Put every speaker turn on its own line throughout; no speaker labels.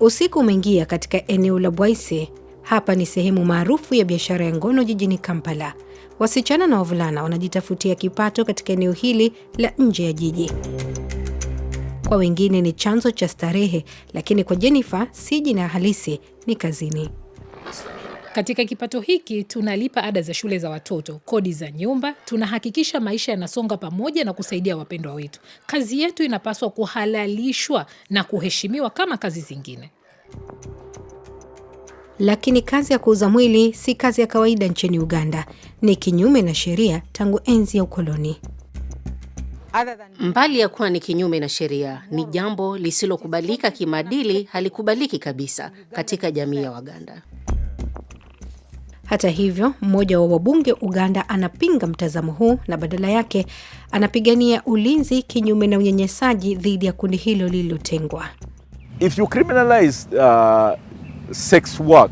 Usiku umeingia katika eneo la Bwaise. Hapa ni sehemu maarufu ya biashara ya ngono jijini Kampala. Wasichana na wavulana wanajitafutia kipato katika eneo hili la nje ya jiji. Kwa wengine ni chanzo cha starehe, lakini kwa Jennifer si jina halisi, ni kazini.
Katika kipato hiki tunalipa ada za shule za watoto, kodi za nyumba, tunahakikisha maisha yanasonga pamoja na kusaidia wapendwa wetu. Kazi yetu inapaswa kuhalalishwa na kuheshimiwa kama kazi zingine.
Lakini kazi ya kuuza mwili si kazi ya kawaida nchini Uganda, ni kinyume na sheria tangu enzi ya ukoloni.
Mbali ya kuwa ni kinyume na sheria, ni jambo lisilokubalika kimaadili, halikubaliki kabisa katika jamii ya Waganda.
Hata hivyo, mmoja wa wabunge Uganda anapinga mtazamo huu na badala yake anapigania ulinzi kinyume na unyanyasaji dhidi ya kundi hilo lililotengwa.
If you criminalize uh, sex work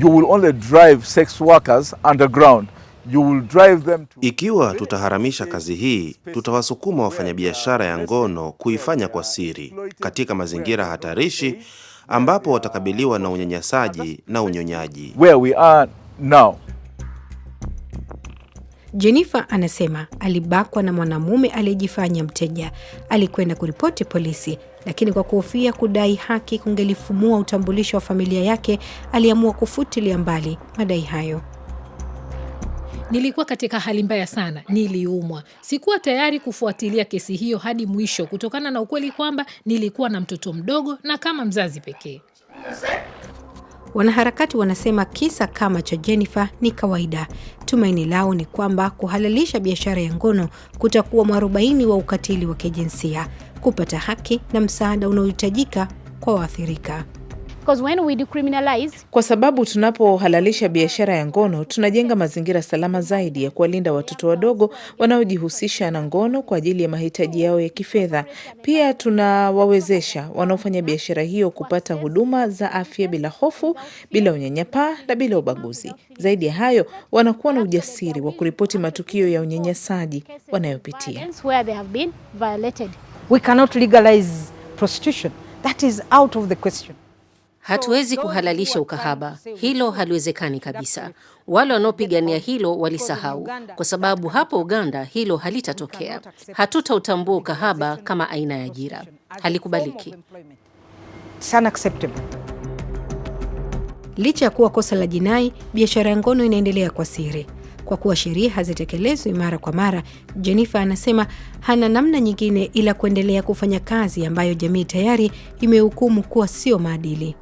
you will only drive sex workers underground. You will drive them to...
Ikiwa tutaharamisha kazi hii, tutawasukuma wafanyabiashara ya ngono kuifanya kwa siri katika mazingira hatarishi ambapo watakabiliwa na unyanyasaji na unyonyaji.
Where we are No.
Jennifer anasema alibakwa na mwanamume aliyejifanya mteja. Alikwenda kuripoti polisi, lakini kwa kuhofia kudai haki kungelifumua utambulisho wa familia yake, aliamua kufutilia mbali madai hayo.
Nilikuwa katika hali mbaya sana, niliumwa. Sikuwa tayari kufuatilia kesi hiyo hadi mwisho, kutokana na ukweli kwamba nilikuwa na mtoto mdogo na kama mzazi pekee.
Wanaharakati wanasema kisa kama cha Jennifer ni kawaida. Tumaini lao ni kwamba kuhalalisha biashara ya ngono kutakuwa mwarobaini wa ukatili wa kijinsia, kupata haki na msaada unaohitajika kwa waathirika.
Because when we decriminalize...
kwa sababu tunapohalalisha biashara ya ngono tunajenga mazingira salama zaidi ya kuwalinda watoto wadogo wanaojihusisha na ngono kwa ajili ya mahitaji yao ya kifedha. Pia tunawawezesha wanaofanya biashara hiyo kupata huduma za afya bila hofu, bila unyanyapaa na bila ubaguzi. Zaidi ya hayo, wanakuwa na ujasiri wa kuripoti matukio ya unyanyasaji wanayopitia.
We cannot legalize prostitution. That is out of the question.
Hatuwezi kuhalalisha ukahaba, hilo haliwezekani kabisa. Wale wanaopigania hilo walisahau, kwa sababu hapo Uganda hilo halitatokea. Hatutautambua ukahaba kama aina ya ajira, halikubaliki.
Licha ya kuwa kosa la jinai, biashara ya ngono inaendelea kwa siri kwa kuwa sheria hazitekelezwi mara kwa mara. Jennifer anasema hana namna nyingine ila kuendelea kufanya kazi ambayo jamii tayari imehukumu kuwa sio maadili.